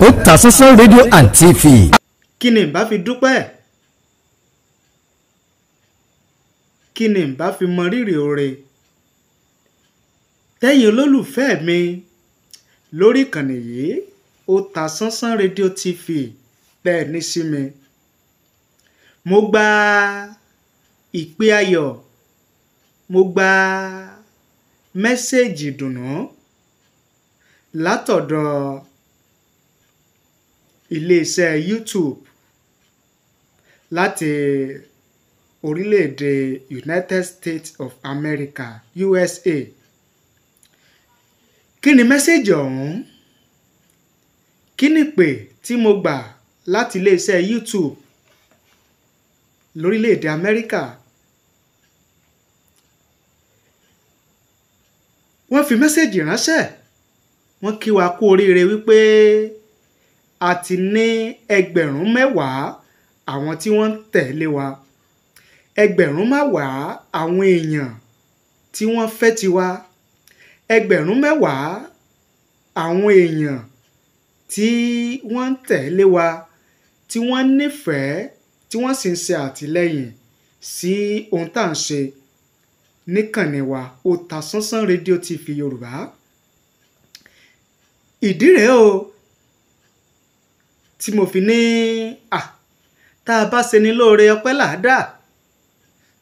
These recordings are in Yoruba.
Otasansan rédíò and TV. kí ni n bá fi dúpẹ́ kí ni n bá fi mọ rírì oore tẹ́yìn olólùfẹ́ mi lórí ìkànnì yìí Otasansan rédíò TV bẹ́ẹ̀ ní sí mi mo gba ìpè ayọ̀ mo gba mẹ́sẹ̀gì ìdùnnú látọ̀dọ̀ iléeṣẹ́ youtube láti orílẹ̀-èdè united states of america usa kí ni mẹ́sẹ̀gì ọ̀hún kí ni pè tí mo gbà láti iléeṣẹ́ youtube lórílẹ̀-èdè amẹ́ríkà wọ́n fi mẹ́sẹ̀gì ránṣẹ́ wọ́n kí wa kú oríire wípé àti ní ẹgbẹ̀rún mẹ́wàá àwọn tí wọ́n ń tẹ̀lé wa ẹgbẹ̀rún mẹ́wàá àwọn èèyàn tí wọ́n fẹ́ tiwa ẹgbẹ̀rún mẹ́wàá àwọn èèyàn tí wọ́n ń tẹ̀lé wa tí wọ́n nífẹ̀ẹ́ tí wọ́n sì ń ṣe àtìlẹ́yìn sí ohun tá à ń ṣe níkànnì wa Otasansan rédíò TV Yorùbá ìdí rèé o tí mo fi ní à tá a bá ṣe ni lóore ọpẹ́ làádá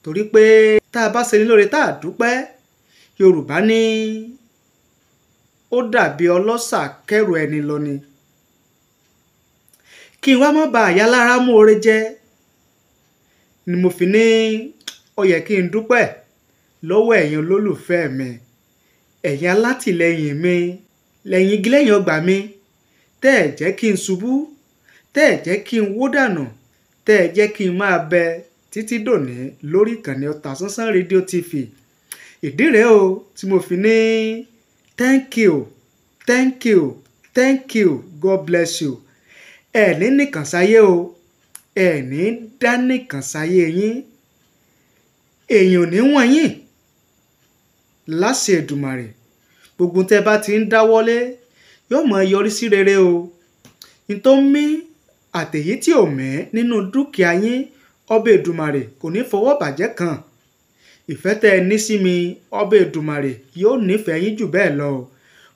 torí pé tá a bá ṣe ni lóore tá a dúpẹ́ yorùbá ní ó dàbí ọlọ́ṣà kẹrù ẹni lọ ni kí n wá má ba àyà lára mú oore jẹ ni mo fi ní ó kí n dúpẹ́ lọ́wọ́ ẹ̀yin olólùfẹ́ mi ẹ̀yin alátìlẹyìn mi lẹ́yìn igi lẹ́yìn ọgbà mi tẹ́ ẹ̀ jẹ́ kí n ṣubú tẹ́ ẹ̀ jẹ́ kí n wó dànù tẹ́ ẹ̀ jẹ́ kí n máa bẹ títí dòní lórí ìkànnì Ọ̀tàsánsán rédíò TV ìdí rèé o tí mo fi ní thank you thank you thank you God bless you ẹ̀ẹ́nì nìkan sáyé o ẹ̀ẹ́nì dá nìkan sáyé yín èèyàn ò ní wọ̀n yín láṣẹ Èdùmàrè gbogbo tẹ́ bá ti ń dáwọ́lé yóò mọ yọrí sí rere o ní tó ń mí àtèyí tí ò mẹ́ nínú dúkìá yín ọba èdùmàrè kò ní fọwọ́ bàjẹ́ kan ìfẹ́ tẹ́ ẹ ní sí mi ọba èdùmàrè yóò nífẹ̀ẹ́ yín jù bẹ́ẹ̀ lọ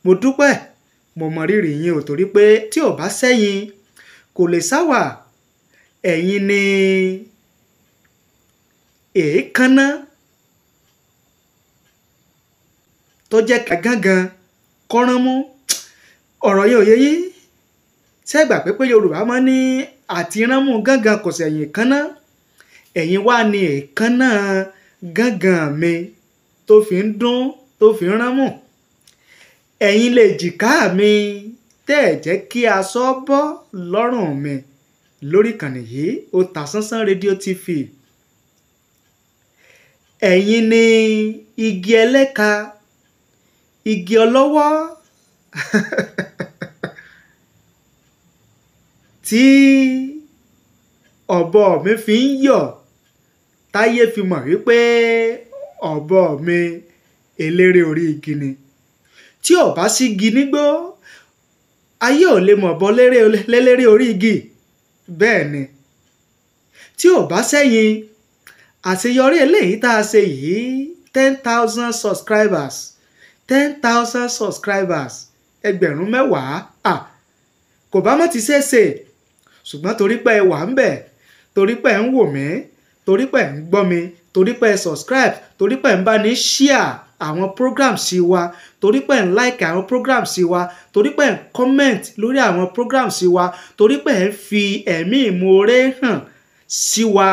mo dúpẹ́ mo mọ rírì yín ò torí pé tí ò bá sẹ́yìn kò lè sáwà ẹ̀yin ni èékánná tó jẹ́ ká gángan kọ́rán mú ọ̀rọ̀ yẹn ò yẹ yín ṣẹ́gbà pé pé Yorùbá mọ́ ní àtiránmú gángan kò sẹ̀yìn kánná ẹ̀yìn wá ní èékánná gángan mi tó fi ń dún tó fi ń ránmú ẹ̀yìn lè jìká mi tẹ́ ẹ̀ jẹ́ kí aṣọ bọ́ lọ́rùn mi lórí ìkànnì yìí Otasansan rédíò TV ẹ̀yin ni igi ẹlẹ́ka igi ọlọ́wọ́ tí ọ̀bọ mi fi ń yọ̀ táyé fi mọ̀ wípé ọ̀bọ mi eléré orí igi ni tí ò bá sí igi nígbó ayé ò lè mọ̀ bọ́ léléré orí igi bẹ́ẹ̀ ni tí ò bá sẹ́yìn àṣeyọrí eléyìí tá a ṣe yìí ten thousand subscribers ten thousand subscribers ẹgbẹ̀rún mẹ́wàá à kò bá mọ̀ ti ṣeé ṣe ṣùgbọ́n torí pé ẹ wà ń bẹ̀ torí pé ẹ ń wò mí torí pé ẹ ń gbọ́ mi torí pé ẹ subscribe torí pé ẹ ń bá ní share àwọn programs sí wa torí pé ẹ ń like àwọn programs sí wa torí pé ẹ ń comment lórí àwọn programs sí wa torí pé ẹ ń fi ẹ̀mí ìmoore hàn sí wa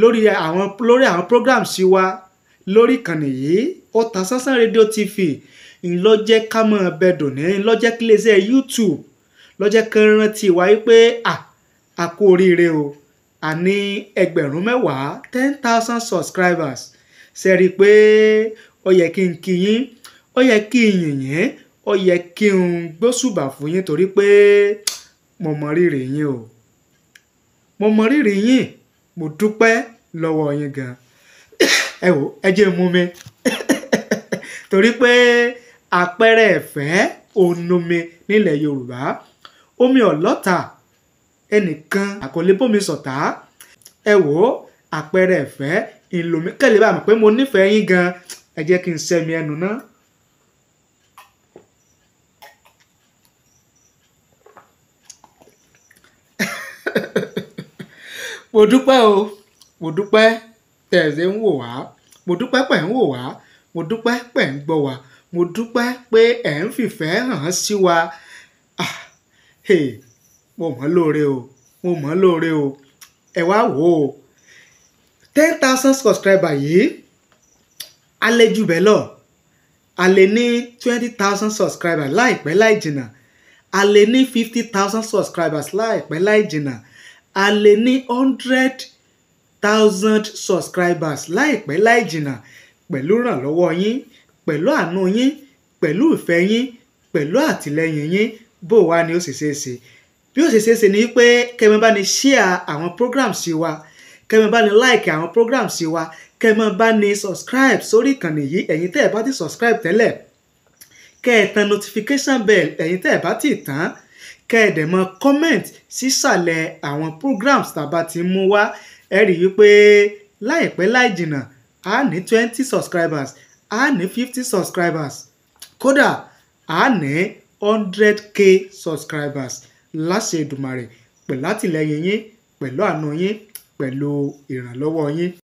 lórí àwọn lórí àwọn programs sí wa lórí ìkànnì yìí Ọ̀tàsánsán rédíò tv ńlọ jẹ́ ká mọ̀ ọ́ dùn ní ńlọ jẹ́ kí youtube lọ́jẹ́ kan rántí wa wípé a kú oríire o a ní ẹgbẹ̀rún mẹ́wàá ten thousand subscribers ṣe rí i pé ó yẹ kí n kí yín ó yẹ kí n yìn yín ó yẹ kí n gbóṣùbà fún yín torí pé mo mọ rírì yín o mo mọ rírì yín mo dúpẹ́ lọ́wọ́ yín gan ẹ wò ẹ jẹ́ mú mi torí pé àpẹẹrẹ ẹ̀fẹ́ òun nílẹ̀ Yorùbá omi ọ̀lọ́ta ẹnìkan àkọlé bómi sọ̀tá ẹ wò ó àpẹẹrẹ ẹ̀fẹ́ ìlòmí kẹ́lẹ́ bá mi pé mo nífẹ̀ẹ́ yín gan ẹ jẹ́ kí n sẹ́mi ẹnu náà. mo dúpẹ́ o mo dúpẹ́ tẹ̀ ẹ́ ṣe ń wò wá mo dúpẹ́ pẹ̀ ń wò wá mo dúpẹ́ pẹ̀ ń gbọ́ wá mo dúpẹ́ pé ẹ̀ ń fìfẹ́ hàn sí wa. Ah, mo mọ̀ lóore o mo mọ̀ lóore o ẹ wá wò ó ten thousand subscriber yìí a lè jù bẹ́ẹ̀ lọ a ní twenty thousand subscriber láìpẹ́ láì jìnnà a lè ní fifty thousand subscribers láìpẹ́ láì jìnnà a lè ní hundred thousand subscribers láìpẹ́ láì jìnnà pẹ̀lú ìrànlọ́wọ́ yín pẹ̀lú àánú yín pẹ̀lú ìfẹ́ yín pẹ̀lú àtìlẹ́yìn yín bó wá ni ó sì ṣeé ṣe bí ó sì ṣeé ṣe ni wípé kẹ́mi bá ní share àwọn programs sí wa kẹ́mi bá ní like àwọn programs sí wa kẹ́mi bá ní subscribe sórí ìkànnì yìí ẹ̀yin tẹ́ ẹ̀ bá ti subscribe tẹ́lẹ̀ kẹ́ ẹ̀ tan notification bell ẹ̀yin tẹ́ ẹ̀ bá ti tàn kẹ́ ẹ̀ dẹ̀ mọ comment sísàlẹ̀ àwọn programs tàbá ti mú wá ẹ rí i pé láìpẹ́ láì jìnnà a ní twenty subscribers a ní fifty subscribers kódà a ní hundred k subscribers láṣẹ Èdùmàrè pẹ̀lú àtìlẹ́yìn yín pẹ̀lú àánú yín pẹ̀lú ìrànlọ́wọ́ yín.